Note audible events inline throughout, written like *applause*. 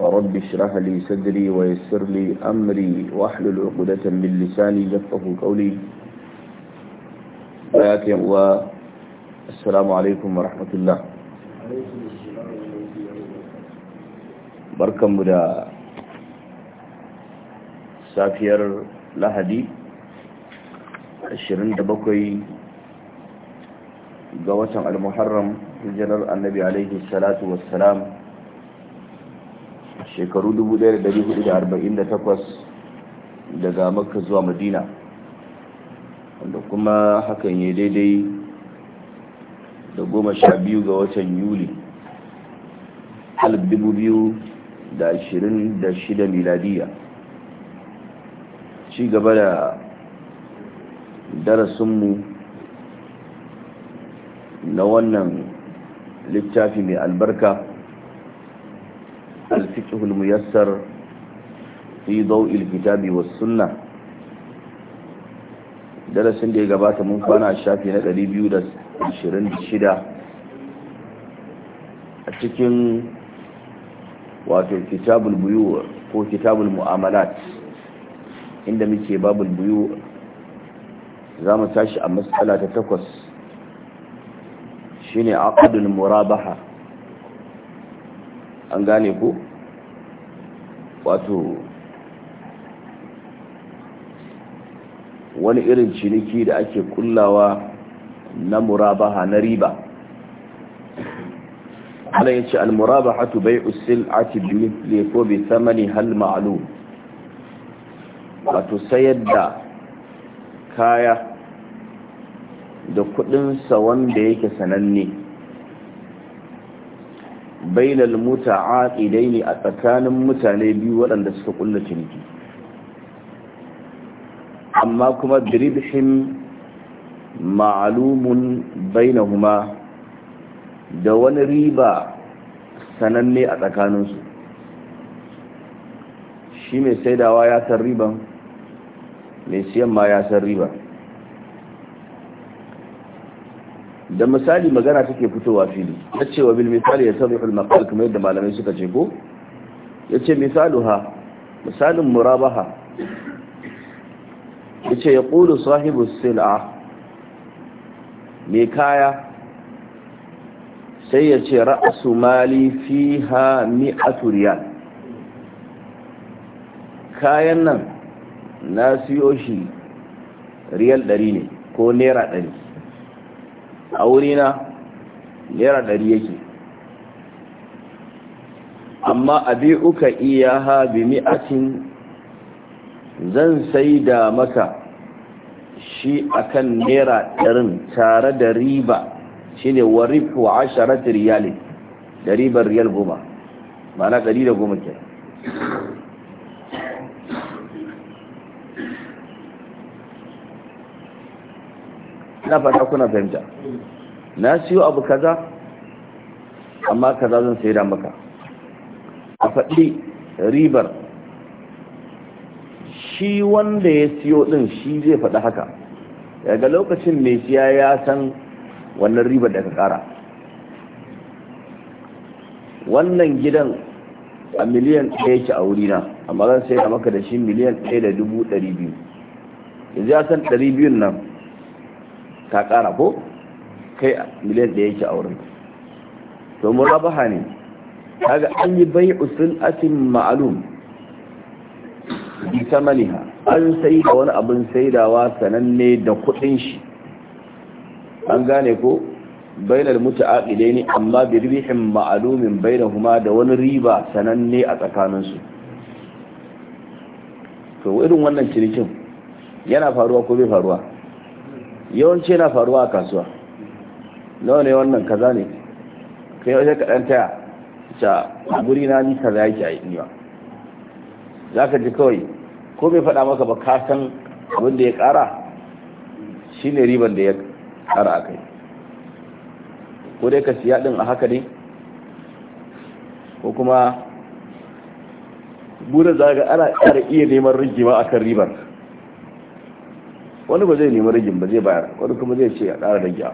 رب اشرح لي صدري ويسر لي امري واحلل عقدة من لساني يفقهوا قولي ولكن والسلام عليكم ورحمة الله بركم دا سافير لهدي الشرين تبقي قوة المحرم جنر النبي عليه الصلاة والسلام shekaru 1448 daga makka zuwa madina wanda kuma hakan ya daidai da goma sha biyu ga watan yuli da ashirin da shida miladiya ci gaba da darasinmu na wannan littafi mai albarka الفقه الميسر في kitabi wa والسنة darasin da ya gabata mun kwana a shafi na 226 a cikin wato kitabul buyu ko kitabul mu'amala inda muke babul buyu za mu tashi a matsala ta takwas shine aqdul murabaha an gane ko wato wani irin ciniki da ake kullawa na murabaha na riba ala ya ce almurabahatu bai usil ati biyu ko bi samani hal ma'alu wato sayar da kaya da kudinsa wanda yake sananne bainal ne a tsakanin mutane biyu waɗanda suka ƙulla ciniki amma kuma diribhim ma'lumun bainahuma da wani riba sananne a tsakaninsu shi mai saidawa ya san riban mai siyan ma ya san riban da misali magana take fitowa fili ya ce wa bil misali ya sabu maqal kamar yadda malamai suka ce ko ya ce misaluha misalin murabaha ya ce ya ƙulu sahibu sil'a mai kaya sai ya ce ra'asu mali fi ha mi'atu riyal kayan nan na siyo shi riyal ɗari ne ko naira ɗari a wurina naira ɗari yake amma abi uka iya ha bi mi'atin zan sai da maka shi akan naira ɗarin tare da riba shine warif wa asharat riyalin da ribar riyal goma ma'ana ɗari da goma kenan ina fata kuna fahimta na siyo abu kaza amma kaza zan sai da maka a faɗi ribar shi wanda ya siyo ɗin shi zai faɗi haka daga lokacin mai siya ya san wannan ribar da ka ƙara wannan gidan a miliyan ɗaya yake a wurina amma zan sai da maka da shi miliyan ɗaya da dubu ɗari biyu yanzu ya san ɗari biyun nan ka kara ko kai miliyan da yake a wurin to ha ne kaga an yi bai usul atin ma'alum bi samaniha an sai da wani abin saidawa sananne da kudin shi an gane ko bainal muta'aqidaini amma bi ribhin ma'alumin bainahuma da wani riba sananne a tsakanin su to irin wannan cinikin yana faruwa ko bai faruwa yawanci yana faruwa a kasuwa nawa ne wannan kaza ne kai wajen kaɗan taya ta a guri na ni kaza yake a yi za ka ji kawai ko bai faɗa maka ba ka san abin da ya ƙara shi ne riban da ya ƙara a kai ko dai ka siya ɗin a haka ne ko kuma burin za ga ana ƙara iya neman rigima a kan ribar wani ba zai nemi rigin ba zai bayar wani kuma zai ce a ƙara rigya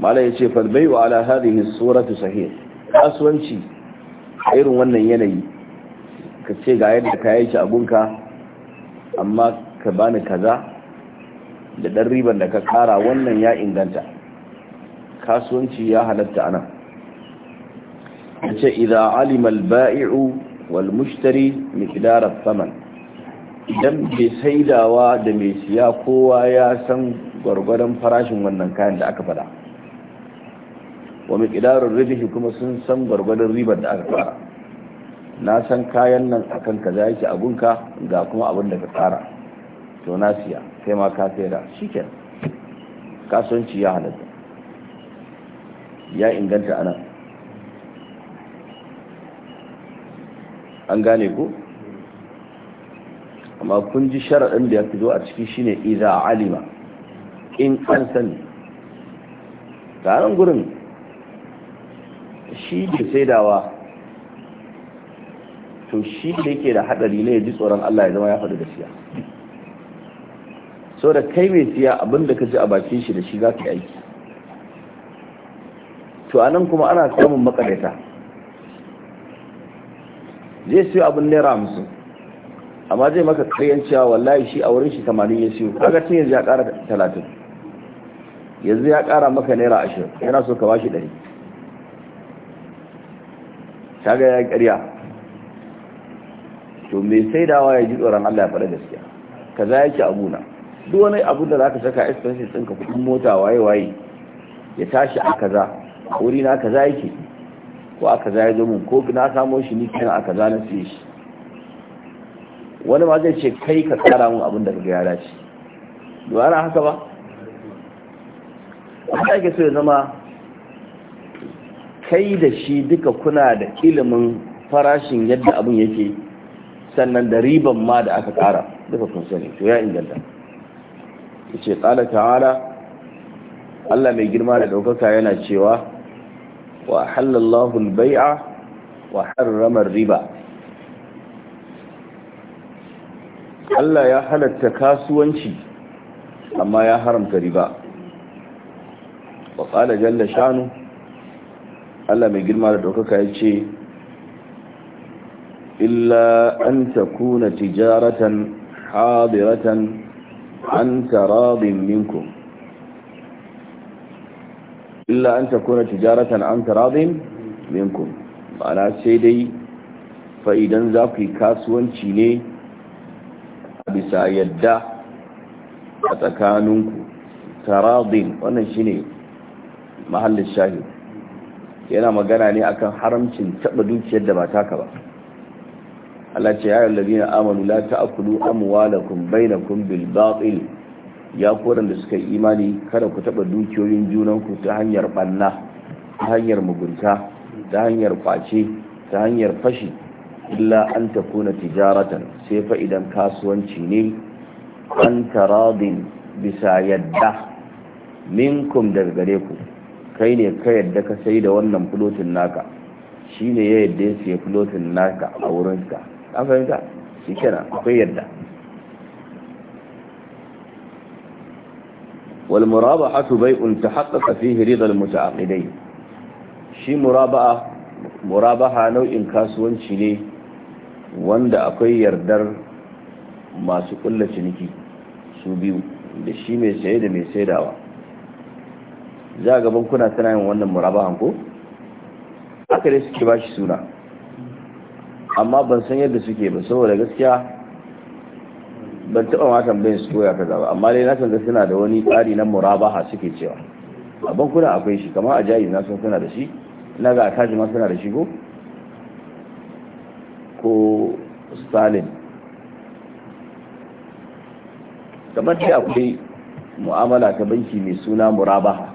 mala ya ce falbai wa ala hadhihi tsoratu sahih kasuwanci a irin wannan yanayi ka ce ga yadda ka yi abunka a gunka amma ka bani kaza da ɗan riban da ka ƙara wannan ya inganta kasuwanci ya halatta anan ya ce idan alimal bai'u wal mushtari mikidarar saman idan bai saidawa da mai siya kowa ya san gwargwadon farashin wannan kayan da aka fada wa mai miƙidarin ribihi kuma sun san gwargwadon ribar da aka fara na san kayan nan akan ka za yake abunka ga kuma abin da ka tsara to na siya kai ma ka saida ke kasuwanci ya halatta ya inganta anan an gane ku amma kun ji sharaɗin da ya zo a ciki shine iza alima in an sani taron gurin shi ke saidawa to shi da yake da hadari ne ya ji tsoron Allah ya zama ya faɗi gaskiya so da kai mai siya abinda ka ji a bakin shi da shi za ka aiki to a nan kuma ana samun makadaita zai siyo abin naira hamsin amma zai maka karyan cewa wallahi shi a wurin shi 80 ya siyo kaga tun yanzu ya kara talatin yanzu ya kara maka naira ashirin yana so ka bashi ɗari kaga ya ƙarya to sai dawa ya ji tsoron Allah ya faɗa gaskiya kaza yake abuna duk wani abu da zaka saka expenses ka kuɗin mota waye waye ya tashi a kaza wuri na kaza yake ko a kaza ya zo mun ko na samo shi ni kina a kaza na siye shi wani ma zai ce kai ka kara mun abin da ka shi. dace na haka ba haka ake so ya zama kai da shi duka kuna da ilimin farashin yadda abin yake sannan da riban ma da aka kara duka kun sani to ya inganta ya ce ta'ala Allah mai girma da ɗaukaka yana cewa wa halallahu bai'a wa harramar riba Allah ya halatta kasuwanci amma ya haramta riba wa qala jalla shanu Allah mai girma da daukaka ce, illa an takuna tijaratan hadiratan an taradin minkum illa an tijaratan an ma'ana sai dai fa'idan za ku yi kasuwanci ne bisa yadda a tsakaninku taradin wannan shine mahallin shahi yana magana ne akan haramcin taɓa dukiyar da ba taka ba Allah ce ya yi amanu la ta'kulu amwalakum bainakum bil batil ya koran da suka imani kada ku taɓa dukiyoyin junanku ta hanyar banna ta hanyar mugunta ta hanyar kwace ta hanyar fashi illa an takuna tijaratan sai fa idan kasuwanci ne an taradin bisa yadda minkum daga gare ku kai ne ka yadda ka sai da wannan fulotin naka shi ne ya yadda ya siya fulotin naka a wurinka an fahimta shi kenan akwai yadda wal murabahatu bai'un tahaqqaqa fihi ridal muta'aqidain shi murabaha murabaha nau'in kasuwanci ne wanda akwai yardar masu kulla ciniki su biyu da shi mai saye da mai saidawa za ga bankuna tana yin wannan murabahan ko aka dai suke ba shi suna amma ban san yadda suke ba saboda gaskiya ban taɓa ma tambayin su koya kaza ba amma dai na san suna da wani tsari na murabaha suke cewa a bankuna akwai shi kamar a jayi na san suna da shi na ga a kaji ma suna da shi ko ko stalin kamar da akwai mu'amala ta banki mai suna murabaha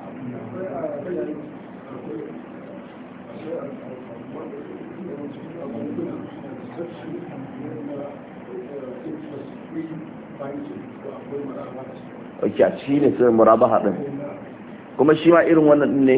ok a shi ne sai murabaha din kuma shi ma irin wannan ne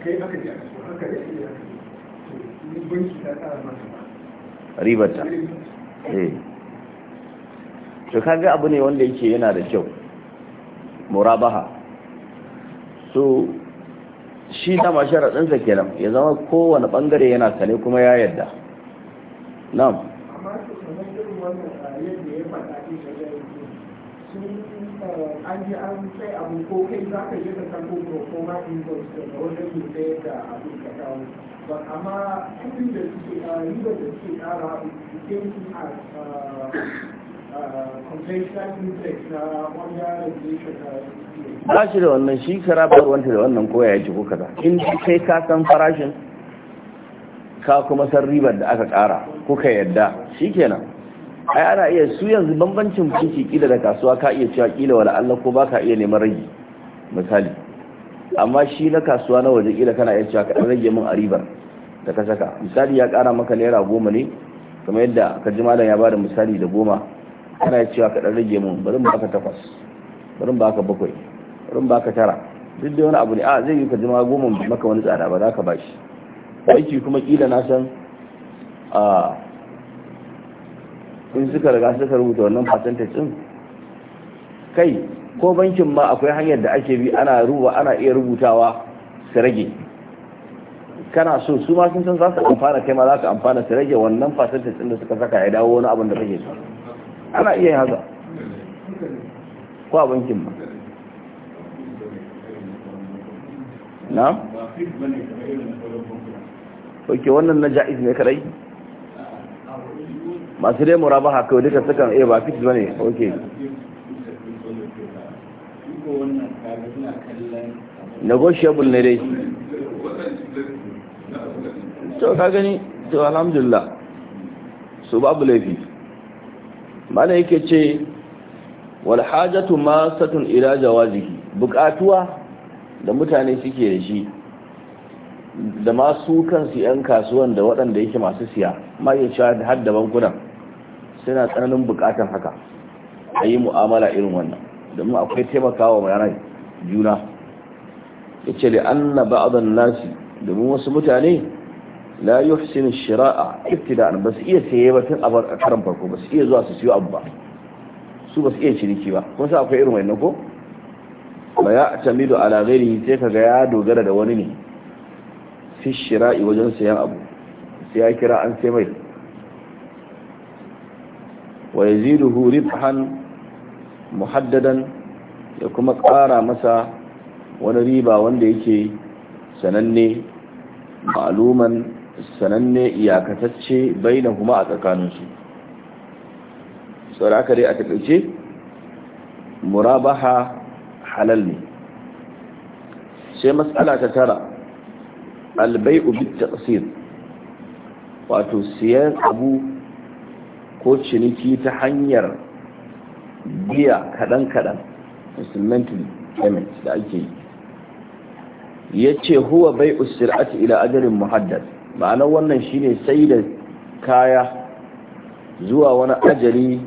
kai aka eh to kaga abu ne wanda yake yana da kyau murabaha so shi dama sharaɗinsa kenan ya zama kowane bangare yana sane kuma ya yadda na'am an ji an sai abu ko kai za ka yi kasar san ko ma in ko da wanda ke sayar da abu ka kawo ba amma kudin da suke ribar da suke kara ke su a conventional da wannan shi kara ba wanta da wannan koya ya ji kuka kaza in kai ka san farashin ka kuma san ribar da aka kara kuka yadda shikenan ai ana iya su yanzu bambancin banki kila da kasuwa ka iya cewa kila wala Allah ko baka iya neman rage misali amma shi na kasuwa na waje kila kana iya cewa ka rage min a ribar da ka saka misali ya kara maka naira goma ne kamar yadda ka ji malam ya bada misali da goma kana iya cewa ka dan rage min bari mu baka takwas bari mu baka bakwai bari mu baka tara duk da wani abu ne a zai yi ka ji ma goma maka wani tsada ba za ka bashi aiki kuma kila na san a in suka riga suka rubuta wannan percentage din kai ko bankin ma akwai hanyar da ake bi ana ruba ana iya rubutawa su rage kana so su ma sun san za su amfana kai ma za ka amfana su rage wannan percentage din da suka saka ya dawo wani abin da kake so ana iya haka ko a bankin ma na? ok wannan na ja'iz ne kadai masu dai murabaha kawai duka sukan iya eh, ba ba ne ok negotiable ne dai to ka gani to alhamdulillah su babu laifi mana yake ce wal hajatu masatun ila jawazihi bukatuwa da mutane suke da shi da masu kansu 'yan kasuwan da waɗanda yake masu siya ma iya cewa har da bankunan yana tsananin bukatar haka a yi mu'amala irin wannan domin akwai taimakawa mai ranar juna ya ce da an na ba'adon nasi domin wasu mutane la yi husin shira'a da ba su iya saye ba tun a karan farko ba su iya zuwa su siyo abu ba su ba su iya ciniki ba kun sa akwai irin wannan ko ba ya tambi da alagari sai ga ya dogara da wani ne fi shira'i wajen sayan abu sai ya kira an sai mai ويزيده ربحا محددا يكما قارا مسا ونريبا وانديكي سنني معلوما sananne iyakatacce baina kuma a tsakaninsu sau da dai a takaice murabaha halal ne sai matsala ta tara ubi ta taqsir wato siyan abu ko ciniki ta hanyar biya kaɗan-kaɗan instrumental payment da ake yi ya ce huwa bai usir'ati ila ajalin muhaddad ma'anar wannan shine sai da kaya zuwa wani ajali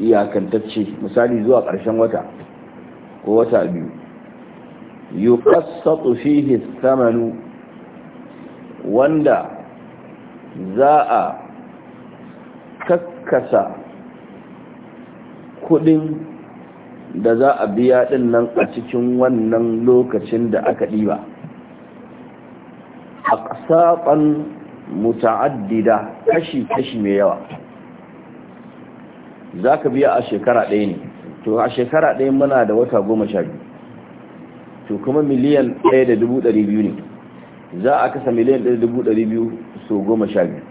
iyakantacce misali zuwa ƙarshen wata ko wata biyu yuqassatu fihi thamanu wanda za a kasa kudin da za a biya din nan a cikin wannan lokacin da aka ɗiba a ƙasaɓan muta'addida kashi-kashi mai yawa za ka biya a shekara ɗaya ne to a shekara ɗaya muna da wata goma sha biyu to kuma miliyan ɗaya da dubu ɗari biyu ne za a kasa miliyan ɗaya da dubu ɗari biyu so goma sha biyu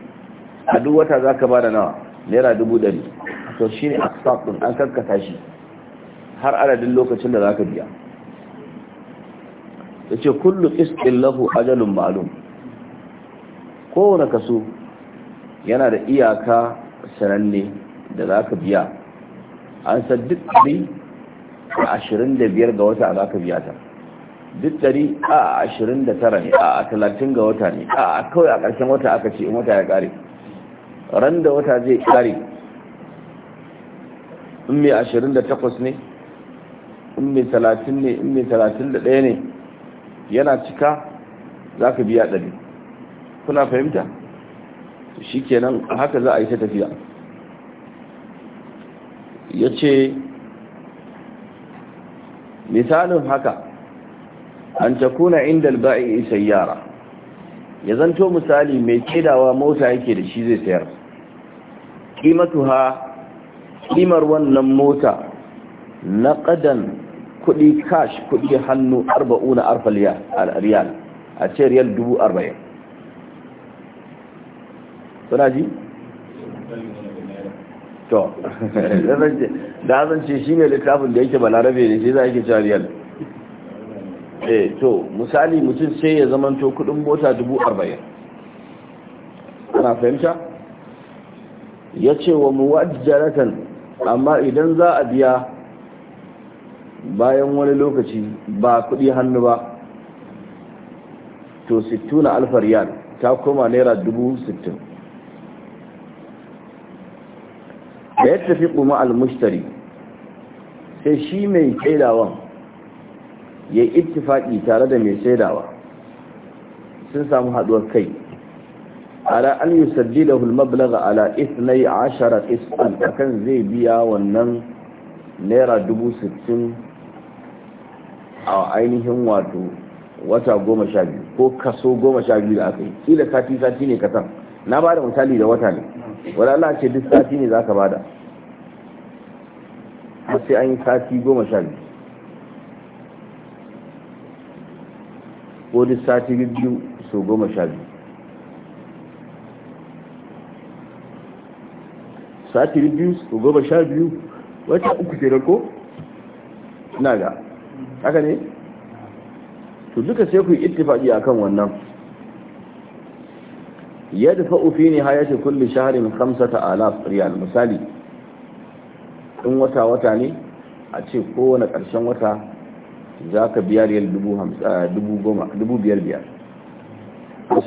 a duk wata za ka ba da nawa naira dubu dari, to shi ne ɗin an karkata shi har adadin lokacin da za ka biya ya ce kullu ƙisɗin lahu ajalun malum. kowane kaso yana da iyaka sananne da za ka biya an san duk ɗari a ashirin da biyar ga wata za ka biya ta duk ɗari a ashirin da tara ne a talatin ga wata ne a kawai a ƙarshen wata aka ce in wata ya ƙare ran da wata zai kare in mai ashirin da takwas ne in mai talatin ne in mai talatin da ɗaya ne yana cika za ka biya ɗari kuna fahimta shi kenan haka za a yi ta tafiya ya ce misalin haka an takuna inda alba'i sayyara ya zanto misali mai kedawa mota yake da shi zai sayar qimatuha qimar wannan mota na naqadan kuɗi cash kuɗi hannu 40 a riyal a ce riyal 40 suna ji to *laughs* da zan ce shine littafin da yake balarabe ne shi za a yake cewa riyal eh to misali mutum sai ya zamanto kudin mota 40 ana fahimta ya ce wa muwajjaratan amma idan za a biya bayan wani lokaci ba kuɗi hannu ba to 60 alfar ta koma naira 60 da ya tafi kuma mustari sai shi mai saidawan ya yi ittifaki tare da mai saidawa sun samu haɗuwar kai ala an yusaddidahu al-mablagha ala 12 qisqan akan zai biya wannan naira 60 a ainihin wato wata 12 ko kaso 12 da aka yi kila sati sati ne kasan na bada misali da wata ne wala a ce duk sati ne zaka bada sai an yi sati 12 ko duk sati biyu so 12 satiri biyu su goma sha biyu wata uku ce ko na ga haka ne to duka sai ku yi ittifaqi akan wannan yadfa'u fi nihayati kulli shahrin alaf riyal misali in wata wata ne a ce kowane ƙarshen wata za ka biya riyal dubu eh, biyar biyar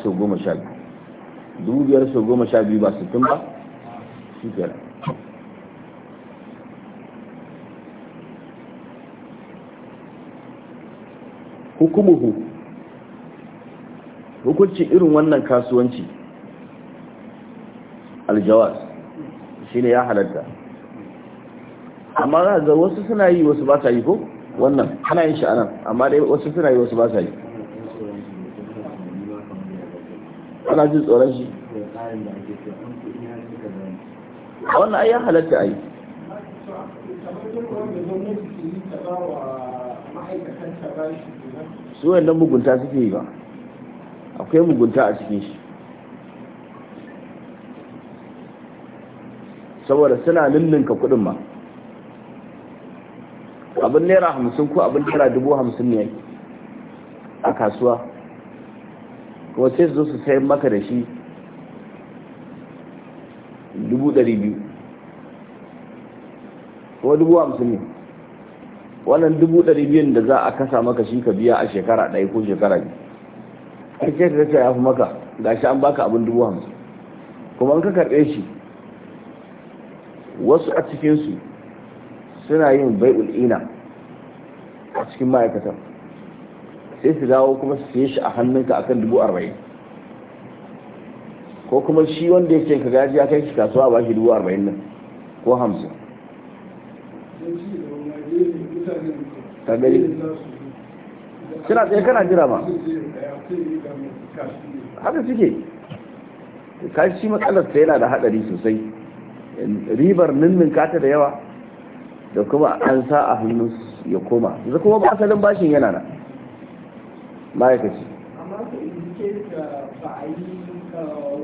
su goma sha biyu dubu biyar so goma sha biyu ba sittin ba kenan hukumuhu hukuncin irin wannan kasuwanci aljawaz shine ya halatta amma za ga wasu suna yi wasu ba sa yi ko wannan ana yin shi anan amma dai wasu suna yi wasu ba sa yi ana jin tsoron shi wannan ai ya halatta ai su wannan mugunta suke yi ba akwai mugunta a cikin shi saboda suna ka kudin ma abin naira hamsin ko abin naira dubu hamsin ne a kasuwa kuma sai su zo su sayi maka da shi dubu ɗari biyu ko dubu hamsin ne wannan dubu ɗari biyun da za a kasa maka shi ka biya a shekara ɗaya ko shekara biyu kake da ta yafi maka ga shi an baka abin dubu hamsin kuma an ka karɓe shi wasu a cikinsu suna yin bai'ul ina a cikin ma'aikatan sai su dawo kuma su siye shi a hannunka akan dubu arba'in ko kuma shi wanda yake ka gaji ya kai shi kasuwa ba shi dubu arba'in nan ko hamsin tsaye kana jira ma haka suke kashi matsalar ta yana da hadari sosai ribar ninnin kata da yawa da kuma an sa a hannun ya koma yanzu kuma ba asalin bashin yana na ma'aikaci amma ka ba a yi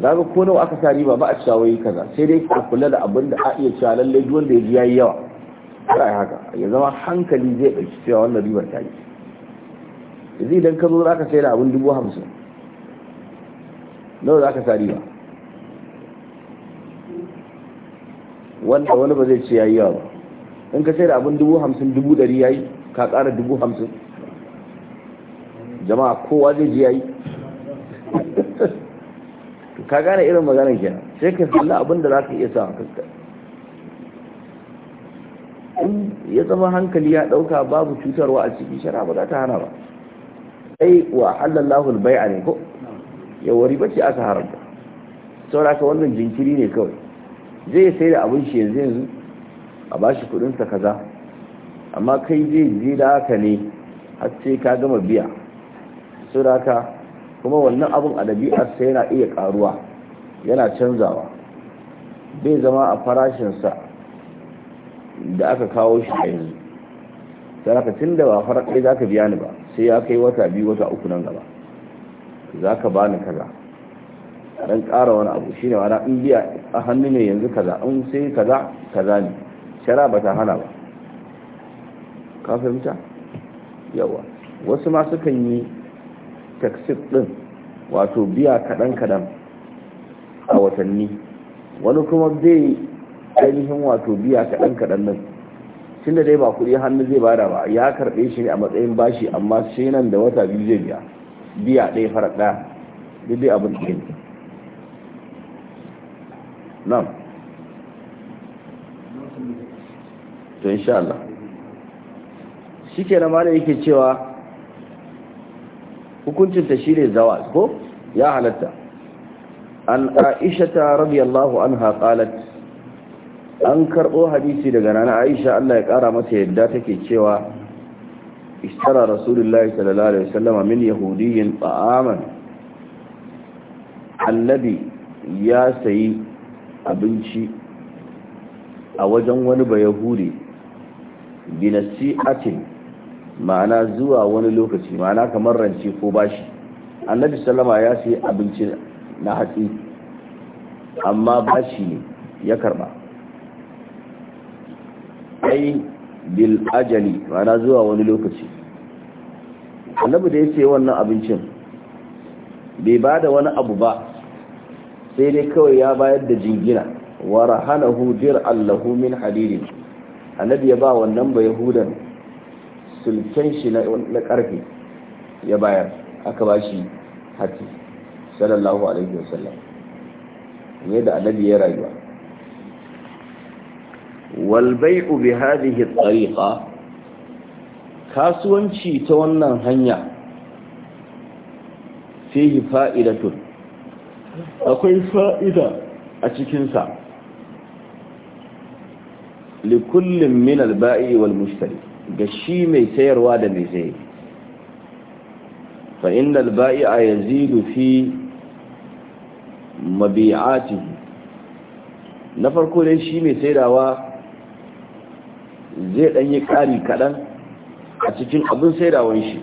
ga ko nawa aka sa riba ba a cewa yi kaza sai dai ka kula da abin da a iya cewa lalle duk wanda ya ji yayi yawa sai haka ya zama hankali zai dauki cewa wannan ribar ta yi yanzu idan ka zo za ka sai da abin dubu hamsin nawa za ka sa riba wanda wani ba zai ce yayi yawa ba in ka sai da abin dubu hamsin dubu ɗari yayi ka kara dubu hamsin jama'a kowa zai ji yayi *laughs* ka gane irin maganar kenan sai ka salla abin da za ka iya sa in ya zama hankali ya ɗauka babu cutarwa a ciki shara ba za ta hana ba ai wa halallahu albai'a ne ko yawa riba ce aka haramta saboda ka wannan jinkiri ne kawai zai sai da abin shi yanzu yanzu a bashi kudin sa kaza amma kai zai je da haka ne har sai ka gama biya saboda ka kuma wannan abin a dabi'arsa yana iya karuwa yana canzawa bai zama a farashinsa da aka kawo shi a yanzu sai aka tun da ba farakai ɗaya za ka biya ni ba sai ya kai wata biyu wata uku nan gaba za ka ba ni kaza a ɗan ƙara wani abu shine wani in biya a hannu ne yanzu kaza in sai kaza kaza ne shara ba ta hana ba ka fahimta yawa wasu ma sukan yi Taxi din wato biya kaɗan-kaɗan a watanni wani kuma zai ainihin wato biya kaɗan-kaɗan nan tun da dai ba kuɗi hannu zai bada ba ya karbe shi ne a matsayin bashi amma shi nan da wata biyu zai biya biya ɗaya fara ɗaya duk dai abin ɗaya nan to insha Allah shi ke na yake cewa hukuncinta shi ne zawa ko ya halatta an aishata radiyallahu anha qalat an karɓo hadisi daga nana aisha Allah ya ƙara mata yadda take cewa ishtara rasulullahi sallallahu alaihi wasallam min yahudiyyin ta'aman annabi ya sayi abinci a wajen wani bayahudi binasi'atin ma'ana zuwa wani lokaci ma'ana kamar rance ko bashi annabi sallama ya sayi abinci na hatsi amma bashi ne ya karba ai bil ajali ma'ana zuwa wani lokaci annabi da ya sai wannan abincin bai ba da wani abu ba sai dai kawai ya bayar da jingina wa rahanahu dir allahu min hadidin annabi ya ba wannan ba yahudan sulken shi na karfe ya bayar aka ba shi hati sallallahu alaihi wasallam ne da annabi ya rayuwa wal bai'u bi hadhihi at-tariqa kasuwanci ta wannan hanya fihi fa'idatun akwai fa'ida a cikin sa likullin min al-ba'i wal mushtari ga shi mai sayarwa da mai sayi fa innal ba'i'a yazidu fi mabi'ati na farko dai shi mai saidawa zai dan yi kari kadan a cikin abin saidawan shi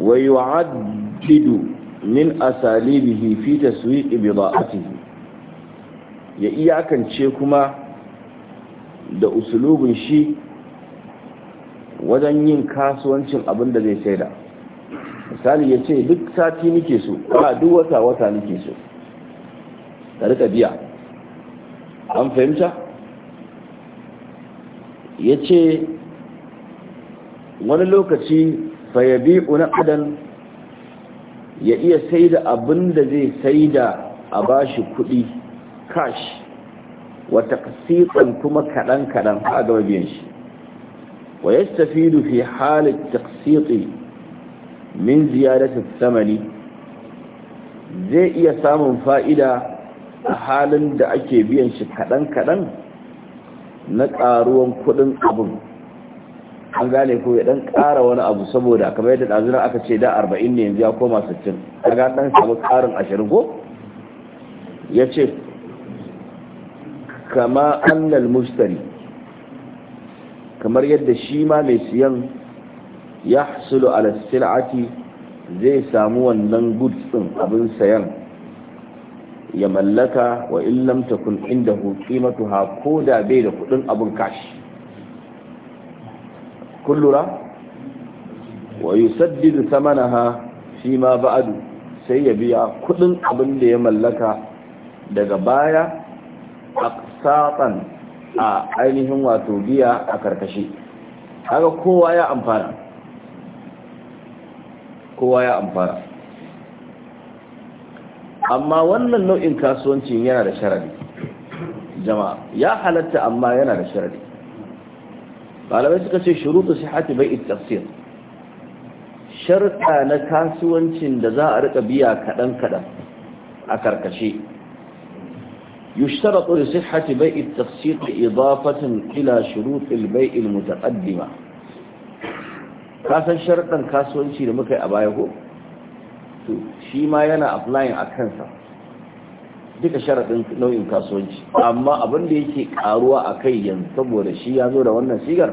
wa yu'addidu min asalibihi fi taswiqi bida'atihi ya iyakance kuma da usulubin shi wajen yin kasuwancin abin da zai saida. misali ya ce duk sati nike so ba duk wata wata nike so ka rika biya an fahimta ya ce wani lokaci fayabi adan ya iya sai da abin da zai sai da a shi kuɗi cash wata kuma kaɗan-kaɗan a gaba biyan shi ويستفيد في حال التقسيط من زيادة الثمن زي إيا سام فائدة حالا دعكي أكي بيان شكدن كدن نقارون كدن أبو an gane ko ya dan kara wani abu saboda kamar yadda ɗazuna aka ce da 40 ne yanzu ya koma 60 a ga ɗan samu ƙarin 20 ko ya ce kama annal mustari kamar yadda shi ma mai siyan ya hasulu ala zai samu wannan goods din abin sayan ya mallaka wa illamta kun inda qimatu ha ko da bai da kudin abin kashi kullura wa yusaddidu thamanaha shi ma ba'adu sai ya biya kudin abin da ya mallaka daga baya saɓan. a ainihin wato biya a karkashi haka kowa ya amfana kowa ya amfana amma wannan nau'in kasuwanci yana da sharadi jama'a ya halatta amma yana da sharadi malamai suka ce shurutu sihati bai tafsir sharta na kasuwancin da za a rika biya kadan kadan a karkashi. يشترط لصحة بيع التفسيق إضافة إلى شروط البيع المتقدمة kasan sharɗan kasuwanci da muka yi a baya ko shi ma yana applying a kansa duka sharaɗin nau'in kasuwanci amma abin da yake ƙaruwa a kai yanzu saboda shi ya zo da wannan sigar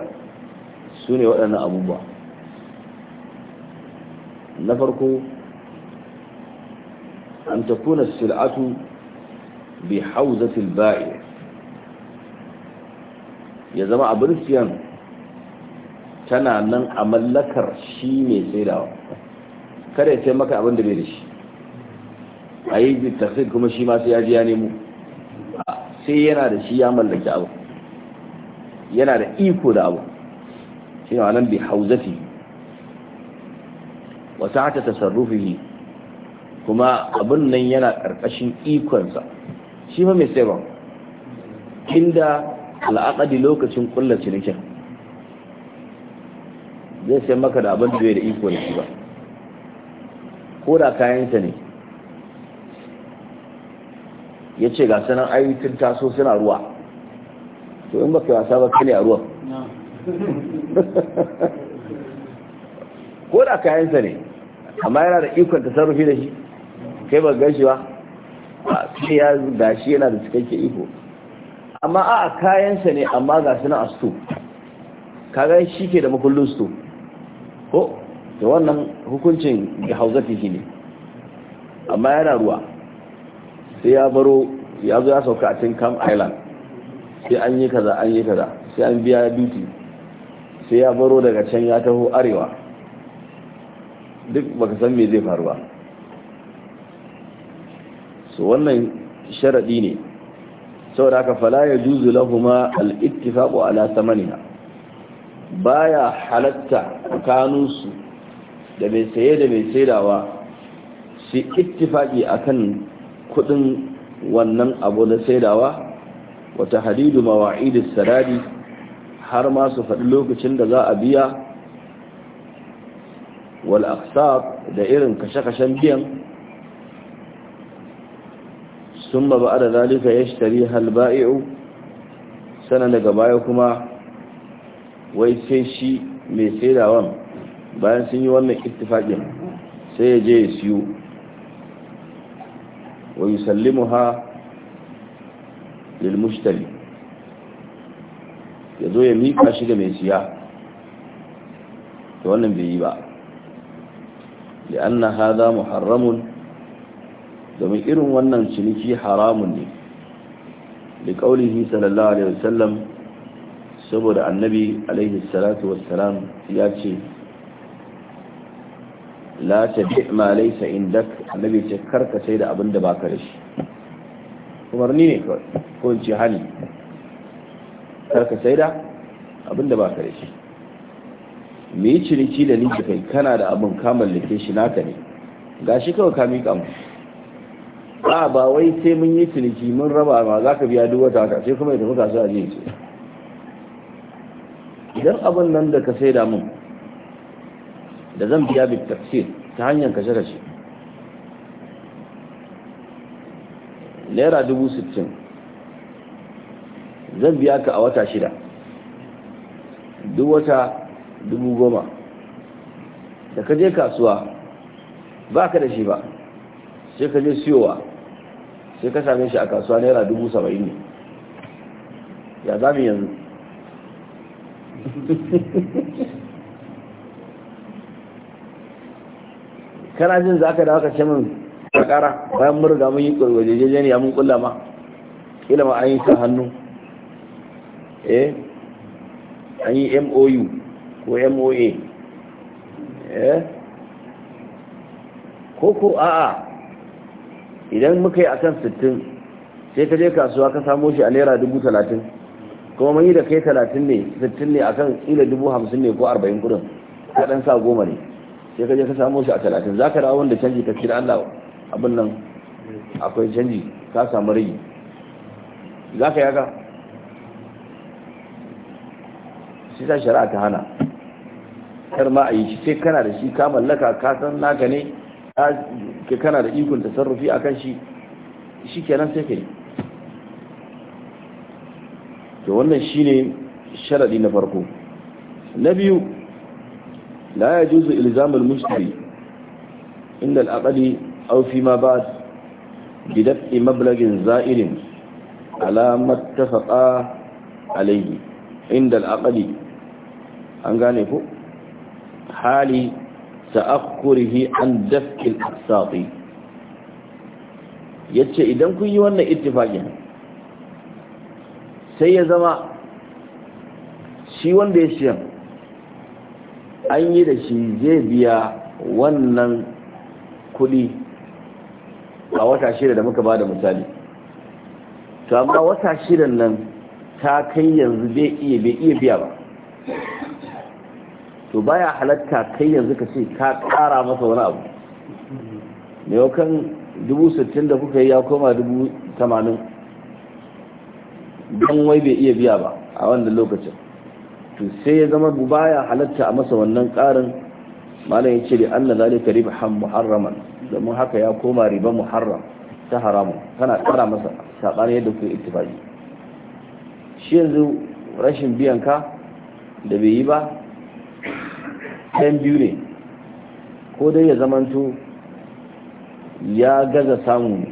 su ne waɗannan abubuwa na farko an takuna sil'atu bi hauzatil ba'i ya zama abin siyan tana nan a mallakar shi mai tsirawa kada ya taimaka abin da bai da shi a yi bitafin kuma shi masu yaji ya nemo sai yana da shi ya mallaki abu yana da iko da abu shi ne wannan bi hauzati wata ta tasarrufihi kuma abin nan yana ƙarƙashin ikonsa shi ma mai sayarwa inda al'akadi lokacin kullar cinikin zai sai maka da abin da iko da shi ba ko da kayansa ne ya ce ga sanar ayyukan taso suna ruwa to in baka wasa ba kane a ruwan *laughs* ko da kayansa ne amma yana da ikon tasarrufi da shi kai ba gashi ba ba sai ya gashi yana da cikakke iko amma a kayansa ne amma ga su na asto kaga shi ke da makullin sto ko da wannan hukuncin ga hauzati shi ne amma yana ruwa sai ya baro ya zo ya sauka a cikin camp island sai an yi kaza an yi kaza sai an biya duty sai ya baro daga can ya taho arewa duk baka san me zai faru ba so wannan sharadi ne saboda ka fala yajuzu lahumma al-ittifaqu ala ba baya halatta kanunsu da mai saye da mai saidawa su a akan kudin wannan abu da saidawa wata hadidu mawa'idis sarari har ma su faɗi lokacin da za a biya wal da irin kashe-kashen biyan sun ba ba da zalika ya shitari halba'i'u sanan daga baya kuma wai sai shi mai saidawan bayan sun yi wannan ittifaƙin sai ya je ya siyo wai yi sallimu ha lilmushtari ya zo ya miƙa shi mai siya da wannan bai yi ba li'anna haza muharramun domin irin wannan ciniki haramun ne da kaulihi sallallahu alaihi wasallam saboda annabi alaihi salatu wassalam ya ce la tabi ma laysa indak annabi ce karka sai da abin da baka da shi umarni ne kawai ko in ce hali karka sai da abin da baka da shi me yi ciniki da ni kai kana da abin kamar mallake shi naka ne Ga shi kawai ka miƙa mu a ba wai sai mun yi ciniki mun raba ma za ka biya duk wata ka sai kuma ya tafi kasuwa a ce idan abin nan da ka da mun da zan biya bi tafsir ta hanyar kashe kashe naira dubu sittin zan biya ka a wata shida duk wata dubu goma da ka je kasuwa ba ka da shi ba sai ka je siyowa sai ka same shi a kasuwa naira dubu saba'in ne ya zami yanzu kana jin za ka dawo ce min kakara bayan mun mun yi kwarwajejejen ya mun kulla ma kila ma an yi sa hannu eh an yi mou ko moa eh ko ko a'a idan muka yi a kan sittin sai ka je kasuwa ka samo shi a naira dubu talatin kuma mun yi da kai talatin ne sittin ne a kan ila dubu hamsin ne ko arba'in kudin ka dan sa goma ne sai ka je ka samo shi a talatin za ka dawo wanda canji ka kira allah abin nan akwai canji ka samu rage za ka yaga shi ta shari'a ta hana kar ma a yi shi sai kana da shi ka mallaka ka san naka ne ke kana da ikon tasarrufi kan shi shi kenan sai kai to wannan shine sharaɗi na farko na biyu la yajuzu ilzamul mushtari inda al-aqli aw fi ma ba'd bidaf'i mablagin za'irin ala mattafaqa alayhi inda al an gane ko hali ta'akhurihi an daf'il aqsati yace idan kun yi wannan ittifaqin sai ya zama shi wanda ya shiyan an yi da shi zai biya wannan kuɗi a wata shida da muka ba da misali to amma wata shidan nan ta kai yanzu bai iya biya ba to baya halatta kai yanzu ka ce ka ƙara masa wani abu ne kan dubu sittin da kuka yi ya koma dubu tamanin don wai bai iya biya ba a wannan lokacin to sai ya zama baya halatta a masa wannan karin malam ya ce da allah zalika ribahan muharraman domin haka ya koma riba muharram ta haramu kana kara masa saɓanin yadda kuka ittifaki shi yanzu rashin biyan ka da bai yi ba ɗayan biyu ne ko dai ya zamanto ya gaza samu ne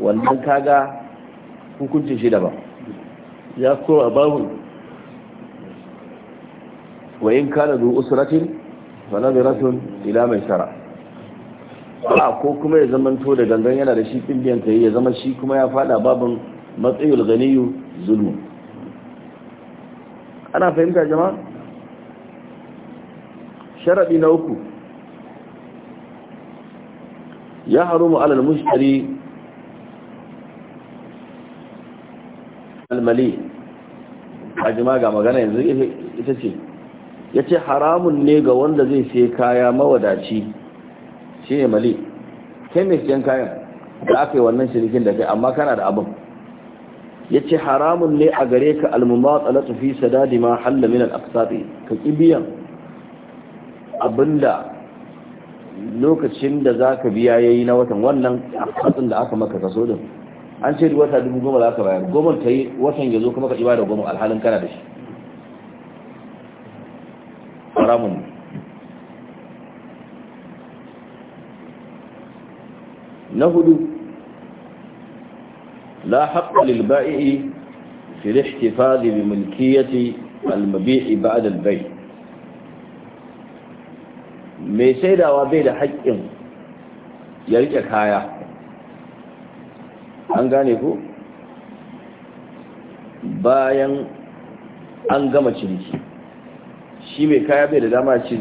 wannan kaga hukuncin shi daban ya kura babu wa in kana zu usratin fa nadiratun ila mai shara ba ko kuma ya zamanto da gangan yana da shi ta yi ya zama shi kuma ya fada babin matsayin ganiyu zulmu ana fahimta jama'a sharaɗi na uku ya harumu alal mushtari almali a jima ga magana yanzu ita ce ya ce haramun ne ga wanda zai sai kaya mawadaci shi ne mali kai kayan da aka yi wannan shirikin da kai amma kana da abin ya ce haramun ne a gare ka almumma tsalatu fi sadadi ma halla min al ƙi ka abinda lokacin da za ka biya ya yi na watan wannan hatsin da aka maka kaso din an ce wata dubu goma za ka bayar goma ta yi watan ya zo kuma ka ibada goma alhalin kana da shi haramun na hudu la haƙƙa lilba'i fi rihtifadi bi mulkiyati al-mabi'i ba'da mai saidawa bai da haƙƙin ya riƙe kaya an gane ku bayan an gama ciniki shi mai kaya bai da dama ci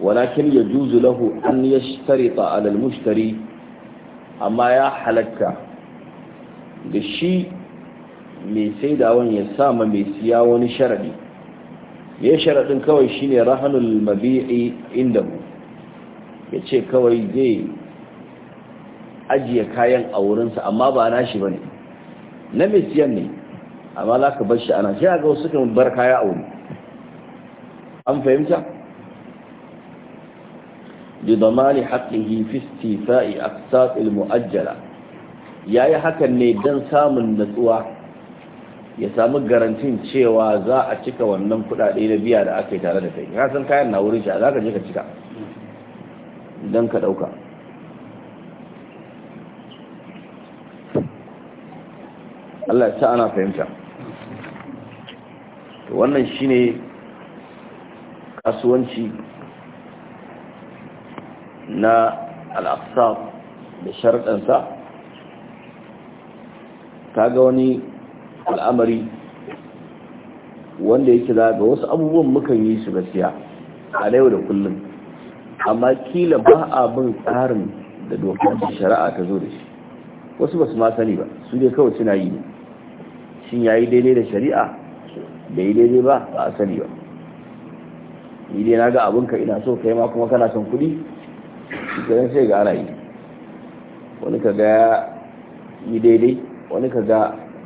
walakin ya juzu lahu an ya shi alal mushtari amma ya halatta da shi mai saidawan ya sa ma mai siya wani sharaɗi. ya sharaɗin kawai shine rahanul mabi'i inda mu ya ce kawai zai ajiye kayan a wurinsa amma ba na shi ba ne na misiyan ne amma za ka bar shi ana shi ga wasu kan bar kaya a wuri an fahimta lidamani haƙihi fi istifa'i aqsaqil mu'ajjala yi hakan ne don samun natsuwa ya samu garantin cewa za a cika wannan kuɗaɗe na biya da aka yi tare da kai san kayan na wurin shi za ka je ka cika don ka ɗauka Allah ya ana fahimta wannan shine kasuwanci na Al-aqsa da sharɗansa ga wani al'amari wanda yake za ga wasu abubuwan mukan yi su gaskiya a yau da kullum amma kila ba bin tsarin da dokar shari'a ta zo da shi wasu ba su ma sani ba su dai kawai suna yi shin yayi yi daidai da shari'a da yi daidai ba ba a sani ba ni dai na ga abin ka ina so kai ma kuma kana son kuɗi shi sai ga ana yi wani ka ga yi daidai wani ka ga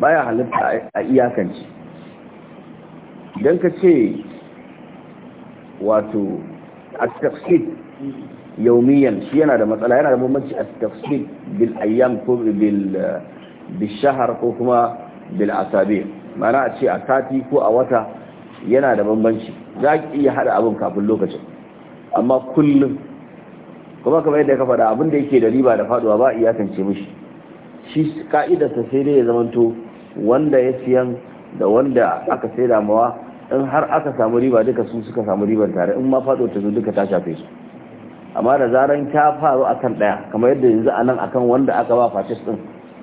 baya halitta a iyakanci idan ka ce wato a yaumiyan shi yana da matsala yana da bambanci a tafsir bil ayyam ko bil bishahar ko kuma bil asabi mana a ce a sati ko a wata yana da bambanci za ki iya hada abin kafin lokacin amma kullum kuma kamar yadda ka faɗa abin da yake da riba da faduwa ba iyakance mishi shi ka'idarsa sai dai ya zamanto wanda ya siyan da wanda aka sai damawa in har aka samu riba duka su suka samu ribar tare in ma fado ta zo duka ta shafe su amma da zaran ta faru akan ɗaya kamar yadda yanzu a nan akan wanda aka ba fatis ɗin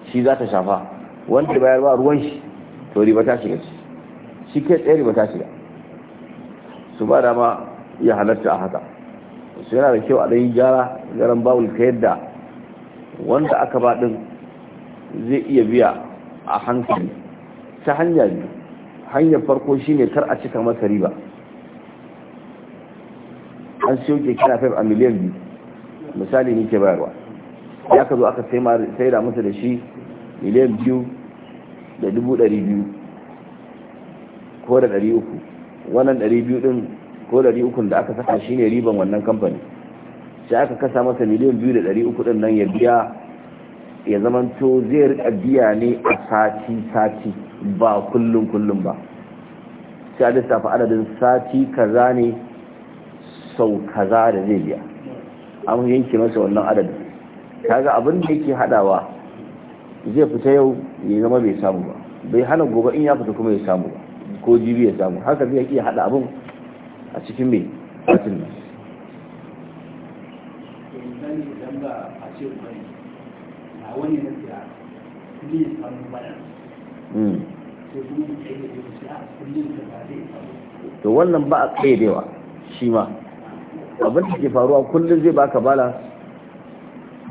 shi za ta shafa wanda bayar ba ruwan shi to riba ta shiga ci shi ke tsaye riba ta shiga su ba dama ya halatta a haka su yana da kyau a ɗan yi gyara garan bawul ta yadda wanda aka ba din zai iya biya a hankali ta hanya biyu hanyar farko shi ne kar a cika masa riba an siyo ke na fai a miliyan biyu misali ne ke bayarwa ya ka zo aka sai da masa da shi miliyan biyu da dubu dari biyu ko da dari uku wannan dari biyu din ko dari ukun da aka saka shi ne riban wannan kamfani sai aka kasa masa miliyan biyu da dari uku din nan ya biya ya zamanto zai rika biya ne a sati-sati ba kullum-kullum ba sai a lissafa adadin sati kaza ne sau kaza da zai biya an yanke masa wannan adadin Ta ga abin da yake haɗawa, zai fita yau ya zama bai samu ba bai hana gobe in ya fita kuma ya samu ko jibi ya samu haka zai iya haɗa abin a cikin mai fatin nan na ne hmm. bayan to wannan ba a kaidewa shi ma abin da ke faruwa kullum zai baka bala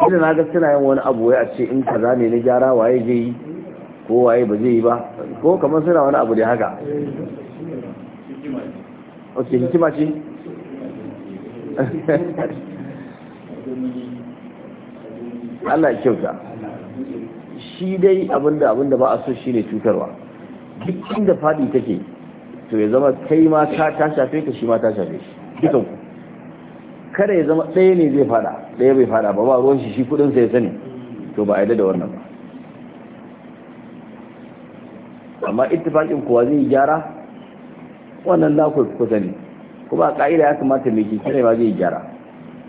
idan na ga suna yin wani abu ya ce in kaza ne na gyara waye zai yi ko waye ba zai yi ba ko kamar suna wani abu da haka ok hikima ce *laughs* Allah ya kyauta shi dai abinda abinda ba a so shine cutarwa duk inda fadi take to ya zama kai ma ta shafe ka shi ma ta shafe shi dukan ku kada ya zama ɗaya ne zai fada ɗaya bai fada ba ba ruwan shi shi kudin sa ya sani to ba a yarda da wannan ba amma ittifaqin kuwa zai gyara wannan na ku kusa ne kuma a ka'ida ya kamata mai kike ne ma zai gyara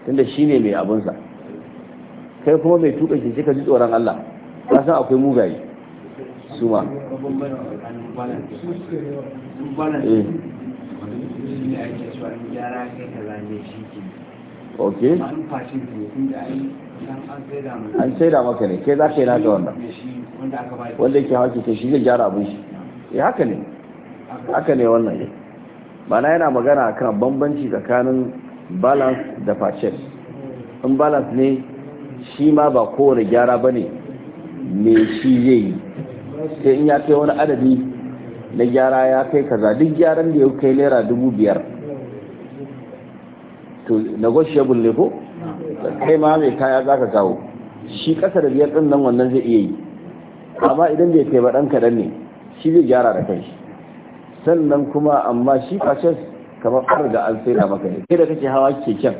tunda shine mai abunsa kai kuma mai tuka shi ka ji tsoron Allah kasan akwai mugaye su ma eh. ok an da maka ne kai za ka yi naka wanda wanda yake hawa ke shi zai gyara abin shi ya eh, haka ne haka ne wannan ya mana yana magana a kan bambanci tsakanin balance da fashe in balance ne shi ma ba kowane gyara ba ne me shi zai yi sai in ya kai wani adadi na gyara ya kai kaza duk gyaran da ya kai naira dubu biyar to negotiable ne ko kai ma mai kaya za ka kawo shi ƙasa da biyar ɗin nan wannan zai iya yi amma idan bai kai ba ɗan kaɗan ne shi zai gyara da kai sannan kuma amma shi fashes kamar an da an sai da maka ne kai da kake hawa keken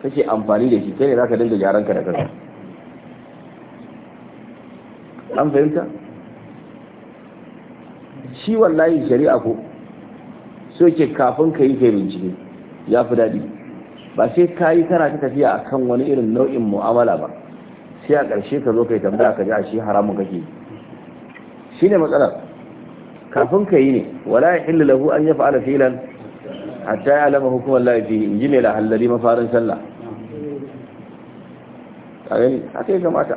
kake amfani da shi kai ne za ka dinga gyaran ka da kanka an fahimta shi wallahi shari'a ko so ke kafin ka yi kai bincike ya fi daɗi ba sai ka yi kana ta tafiya a kan wani irin nau'in mu'amala ba sai a ƙarshe ka zo ka yi tambaya ka ji a shi haramun kake shi ne matsalar kafin ka yi ne wala ya hillu lahu an ya fa'ala filan hatta ya alama hukumar laifi in ji mai lahallari mafarin sallah a gani haka ya kamata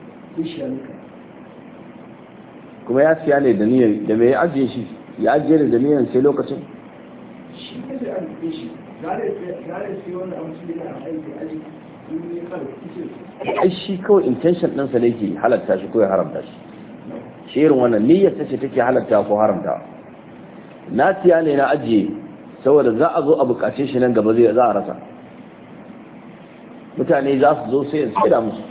kuma ya siya ne da niyan da mai ajiye shi ya ajiye da niyan sai lokacin shi ne da ajiye shi zare sai ai shi kawai intention ɗinsa ne ke halatta shi ko ya haramta shi wannan niyyar ta ce take halatta ko haramta na siya ne na ajiye saboda za a zo a bukace shi nan gaba zai za a rasa mutane za su zo sai in sai musu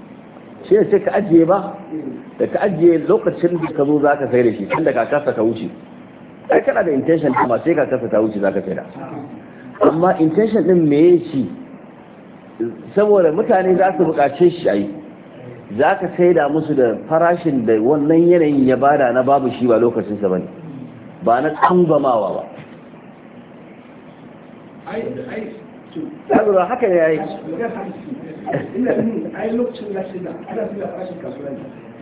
shi ne sai ka ajiye ba da ka ajiye lokacin da ka zo za ka sai da shi tun da ka kasa ka wuce ai kana da intention kuma sai ka kasa ta wuce za ka sai da amma intention din me ya ci? saboda mutane za su buƙace shi ayi, za ka sai da musu da farashin da wannan yanayin ya bada na babu shi ba lokacinsa ba ne ba na tsangwamawa ba ai ai haka ya yi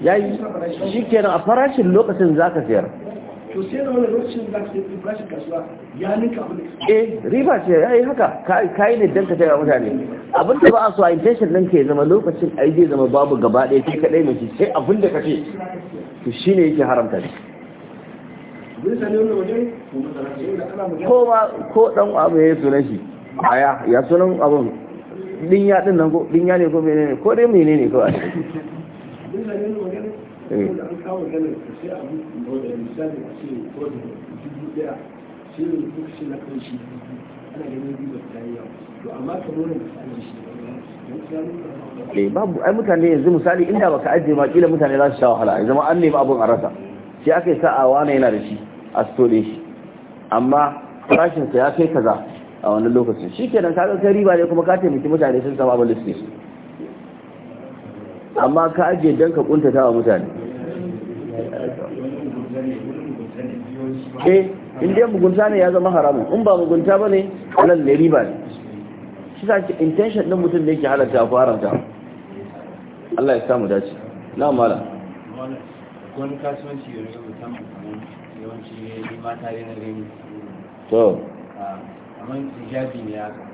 ya yi shi kenan a farashin lokacin za ka siyar to sai da wani lokacin ka farashin kasuwa ya ninka eh riba ce ya yi haka kayi ne don ka taya mutane abin da ba a so a intention ɗin ke zama lokacin ai zai zama babu gaba ɗaya kai kaɗai mace sai abin da ka ce to shi ne yake haramta ne ko ma ko ɗan abu ya yi sunan shi ya sunan abin dinya din nan ko dinya ne ko menene ko dai menene ko eh babu ai mutane yanzu misali inda baka ajiye ma kila mutane za su sha wahala Yanzu zama an nemi abun a rasa sai aka yi sa'a wani yana da shi a store shi amma farashinsa ya kai kaza a wannan lokacin shi nan kaga kai riba ne kuma ka taimaki mutane sun samu abin da amma ka ajiye don ka kuntata wa mutane eh inda yin mugunta ne ya zama haramun in ba mugunta ba ne halal ne riba ne shi ta ce intention din mutum da yake halatta ko haramta Allah ya samu dace na mala wani kasuwanci yau ne musamman yawanci mata to ah, kamar hijabi ne haka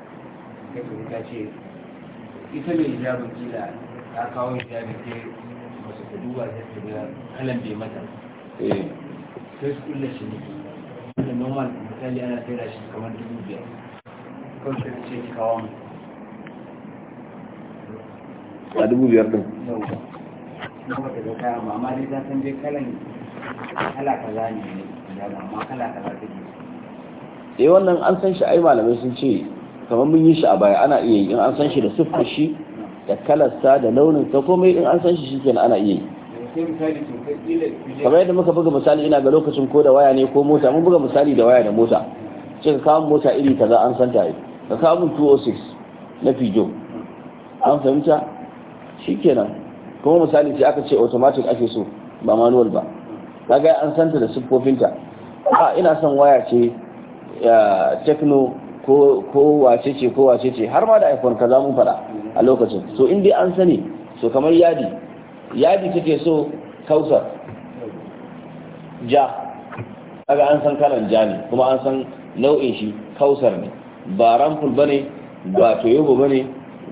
kai kuma ta ce ita mai hijabin kila ta kawo hijabi ke masu kuduwa ta ce da kalan bai mata eh. sai su kulla shi ne wanda normal misali ana kai da shi kamar dubu biyar kawai ta ce ki kawo mu a dubu biyar din yau ba ta ga kaya amma dai ta san dai kalan kala kaza ne amma kala kaza ke dai eh, wannan an san shi ai malamai sun ce kamar mun yi shi a baya ana iya yi in an san shi da siffar shi da kalarsa da launin ta komai in an san shi kenan ana iya yi kamar yadda muka buga misali ina ga lokacin ko da waya ne ko mota mun buga misali da waya da mota ce ka kawo mota iri kaza an san ta ka kawo mun 206 na fijo an fahimta shikenan kuma misali ce aka ce automatic ake so ba manual ba kaga an santa da siffofinta a ina son waya ce tekno ko wace ce ko wace ce har ma da iphone kaza mun fada a lokacin so in dai an sani so kamar yadi yadi take so kausar ja daga an san kanan ja ne kuma an san nau'in shi kausar ne ba ramful bane ba toyobo bane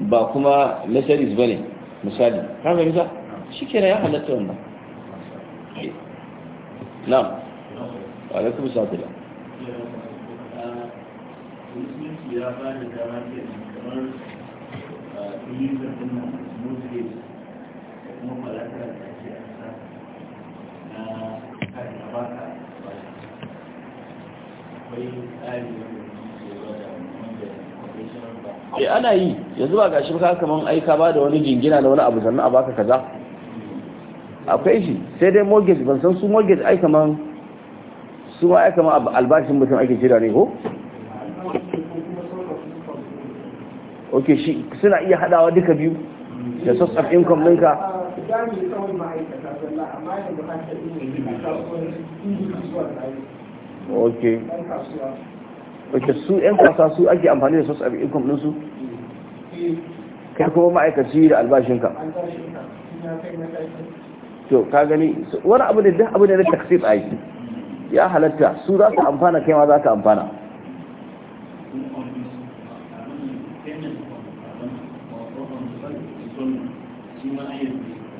ba kuma mercedes bane misali ka fahimta shikenan ya halatta wannan na wa alaikum salam ya ba da dama ke kamar tunisa din nan muslim da kuma falakar da ake asa na karnabaka akwai tsari wanda eh, ana yi yanzu ba gashi ka kaman aika ba da wani jingina da wani abu sannan a baka kaza akwai shi sai dai mortgage ban san su mortgage ai kaman su ma ai kaman albashin mutum ake jira ne ko ok shi suna iya hadawa duka biyu da source of income ɗinka ok ok su 'yan kasa su ake amfani da source of income ɗinsu kai kuma ma'aikaci da albashinka to ka gani wani abu da duk abu da na taksir aiki ya halatta su za su amfana kai ma za ka amfana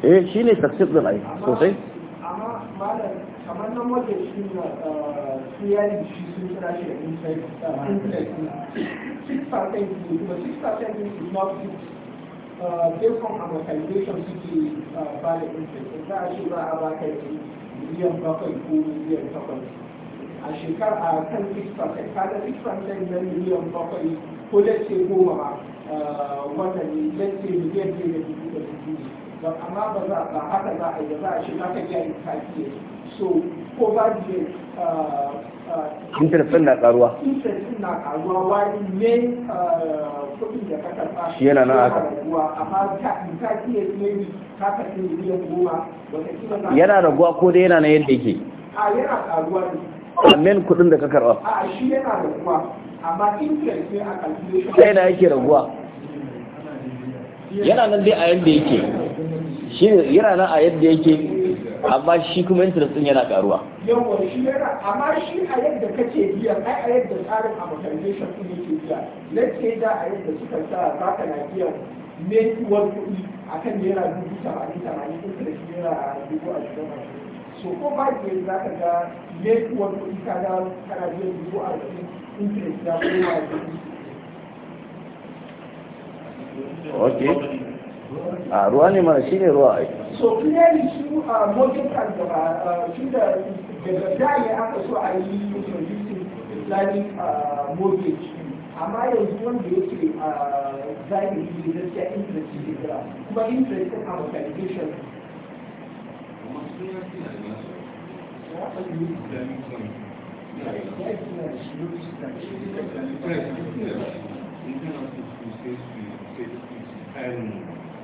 eh shi ne tafsir din ai sosai amma malam kamar nan wajen shi na eh, su ya yi shi sun kira shi da inside eh, six percent ne kuma six percent is not six eh, based on amortization suke ba da za a ce ba a ba kai miliyan bakwai ko miliyan takwas a shekar a kan six percent kada six percent na miliyan bakwai ko da ce goma wannan ne ce miliyan ɗaya da dubu da dubu but amma uh, uh, karuwa kudin da ka shi yana nan aka. amma in yana raguwa ko dai yana na yadda yake a yana karuwa da ka karɓa. sai yake raguwa yana nan dai a yadda yake shi yana nan a yadda yake amma shi kuma interest din yana karuwa yawa shi yana amma shi a yadda ka kace biya ai a yadda tsarin amortization din yake biya na ce da a yadda suka sa za ka na biya metuwar kuɗi a kan naira dubu tamanin tamanin interest naira dubu ashirin ashirin so ko ba ke za ka ga metuwar kuɗi ka ga kana biyan dubu a arba'in interest ya koma dubu ok a ah, ruwa ne ruwa so clearly su a motion kan da su da daga dai aka so a yi introducing islamic ah, mortgage amma yanzu wanda yake ah, zahiri ne gaskiya interest ne da kuma interest kan amortization Thank you.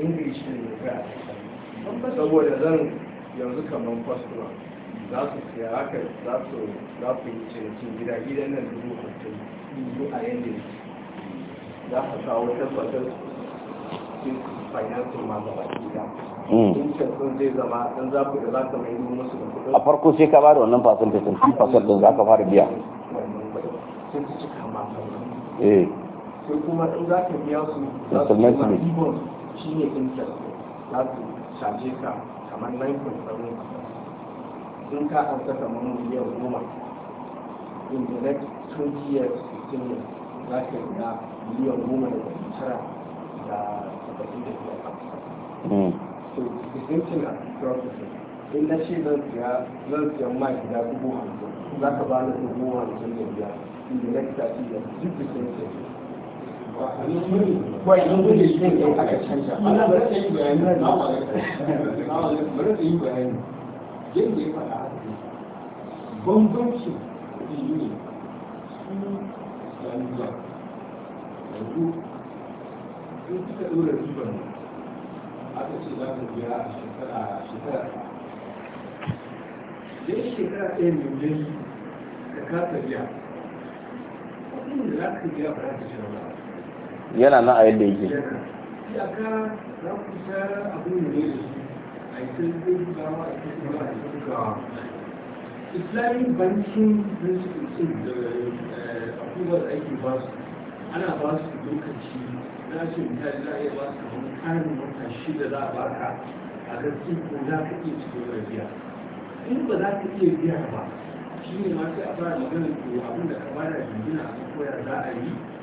english ka saboda zan yanzu kamar kwastoma za su siya haka za su za yi gida gidan nan dubu a yanda za kawo tabbatar ma gaba hmm. a farko sai ka bada wannan fasin fesin fi fasin din za ka fara biya eh. sai kuma in za ka biya su za su shi ne interest za su caje ka kamar nan kun tsaro in ka an saka kamar miliyan goma in the next 20 years 15 years za ka yi na miliyan goma da ɗari tara da saba'in da biyar a hmm. so the same thing as the processing in na ce zan siya zan siya mai gida dubu hamsin za ka ba ni dubu hamsin da biyar in the next 30 years duk the same thing wai in gudu shi ne aka canja ana bari ta yi bayani na wani bari ta yi bayani yadda ya faɗa haka ne bambancin yi ne su islamiyya yanzu sun suka ɗora ribar aka ce za ka biya a shekara shekara ɗaya shekara ɗaya mai wuyayi da ka biya kuɗin da za ka biya ba za ka shirya ba yana nan a yadda yake islamic banking principles din da abubuwan ake ba su ana ba su lokaci na ce misali za a iya ba su kamar karin wata shida za a baka a gaske ko za ka iya cikin rabiya in ba za ka iya biya ba shi ne ma sai a fara maganar ko abin da ka bada jingina a koya za a yi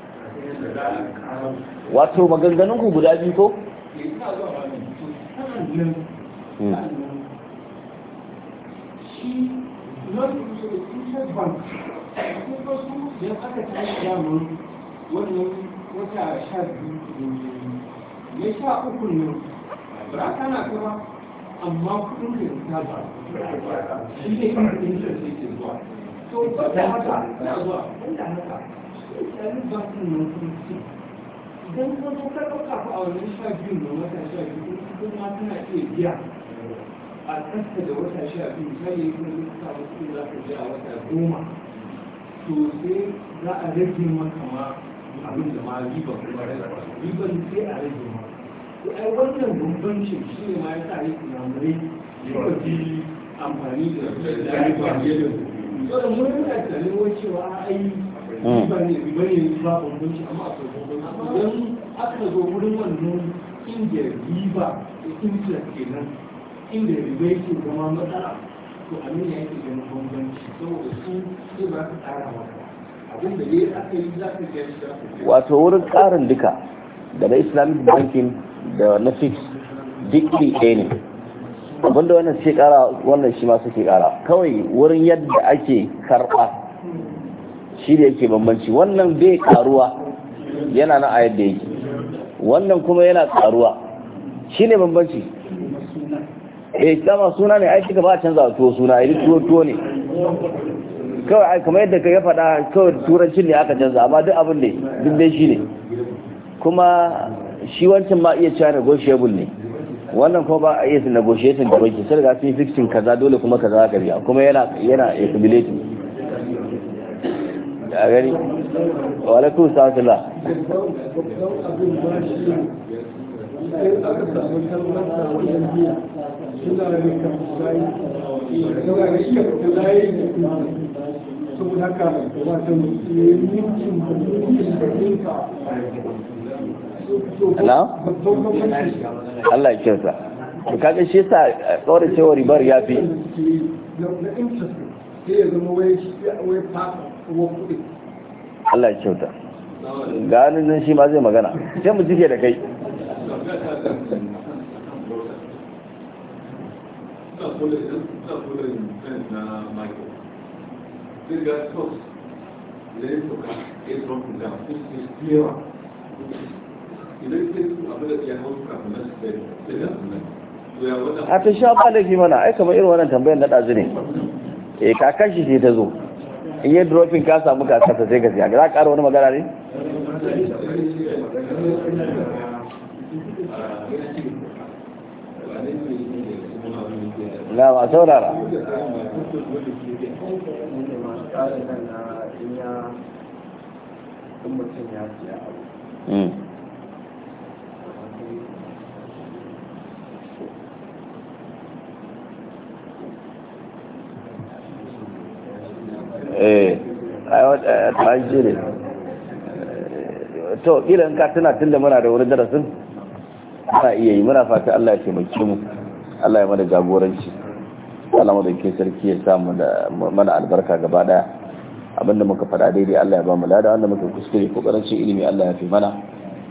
wato maganganun ku guda biyu ko ya sha uku ne ba kana ta ba amma kudin da ya ta ba shi ne kan kudin da ke zuwa to ba ta haka ta zuwa ba ta haka idan ka zo ka ɗauka ku a wajen sha biyun na wata sha biyu kun ma tana iya biya a ƙasa da wata sha biyu ta yi kuma duk samu kuɗi za ka biya a wata goma to sai za a rage maka ma abin da ma riba kuma rage riban sai a rage ma to ai wannan bambancin shi ne ma ya sa yi tunamurai yawa ji amfani da riba fiye da kuɗi. Saboda mun yana tunanin cewa ai Hmm. wato wurin karin duka da na islamic banking da na fix dikki ɗaya ne abinda wannan shi kara wannan shi ma suke kara kawai wurin yadda ake karɓa shi da yake bambanci wannan bai karuwa yana na ayar da yake wannan kuma yana karuwa shi ne bambanci eh dama suna ne aiki ba a canza tuwo suna yi tuwo tuwo ne kawai aiki kamar yadda ka ya faɗa kawai turancin ne aka canza amma duk abin ne duk dai shi ne kuma shi wancan ma iya cewa negotiable ne wannan kuma ba a iya negotiating da banki sai daga sun fixing kaza dole kuma kaza ka biya kuma yana yana accumulating أغني ولكم سعادة الله لا الله يكفى وكان شيء صار طور تشوري بار يا في لو انت هي ذا نويش وي باك Allah ya kyauta Ganin nan shi ma zai magana sai mu jike da kai a ta sha ba laifi mana ai kamar irin wannan tambayar na ɗazu ne e kakan shi ce ta zo in yi dropping ka samu kakasa sai ka siya za ka ƙara wani magana ne na ba saurara in mutum ya eh a eh, tashi ne eh, to ƙila in ka tuna tun da muna da wani darasin ana iya yi muna fata Allah ya taimake mu Allah ya mana jagoranci Allah mu dauke sarki ya sa mana albarka gaba daya abinda muka faɗa daidai Allah ya ba mu lada wanda muka kuskure ko karancin ilimi Allah ya fi mana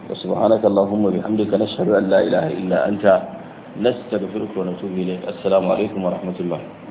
wa subhanaka allahumma bihamdika nashhadu an la ilaha illa anta nastaghfiruka wa natubu ilayk assalamu alaikum wa rahmatullah